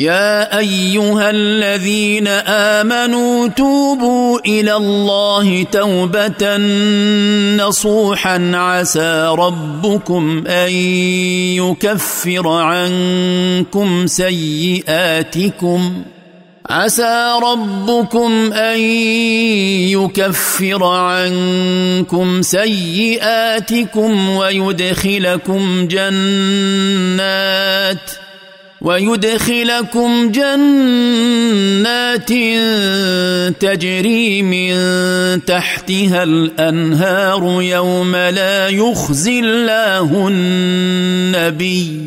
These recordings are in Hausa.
يا ايها الذين امنوا توبوا الى الله توبه نصوحا عسى ربكم ان يكفر عنكم سيئاتكم عسى ربكم ان يكفر عنكم سيئاتكم ويدخلكم جنات ويدخلكم جنات تجري من تحتها الانهار يوم لا يخزي الله النبي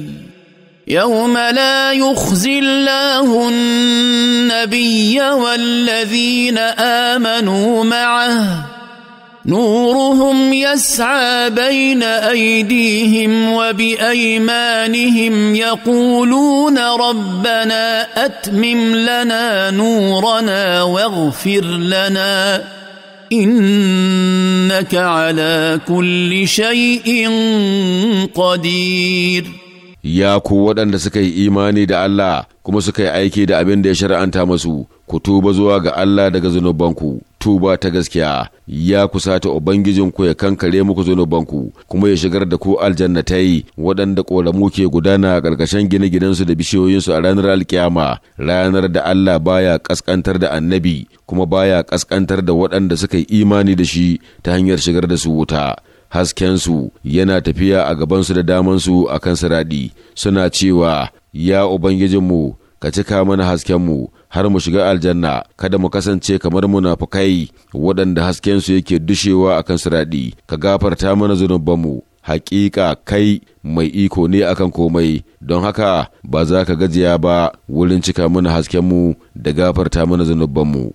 يوم لا يخزي الله النبي والذين امنوا معه نورهم يسعى بين ايديهم وبايمانهم يقولون ربنا اتمم لنا نورنا واغفر لنا انك على كل شيء قدير ya ku waɗanda suka yi imani da Allah kuma suka yi aiki da abin da ya shari'anta masu ku tuba zuwa ga Allah daga zunubanku tuba ta gaskiya ya kusata ubangijinku ya kankare muku zunubanku kuma ya shigar da ku aljannatai waɗanda ƙoramu ke gudana a ƙarƙashin gine-ginensu da bishiyoyinsu a ranar alkiyama ranar da Allah baya ƙasƙantar da annabi kuma baya ƙasƙantar da waɗanda suka yi imani da shi ta hanyar shigar da su wuta haskensu yana tafiya a gabansu da damansu a kan suna cewa ya ubangijinmu ka cika mana haskenmu har mu shiga aljanna kada mu kasance kamar munafukai waɗanda su yake dushewa a kan siraɗi ka gafarta mana zunubanmu hakika kai mai iko ne akan komai don haka ba za ka gajiya ba wurin cika mana haskenmu da gafarta mana zunubanmu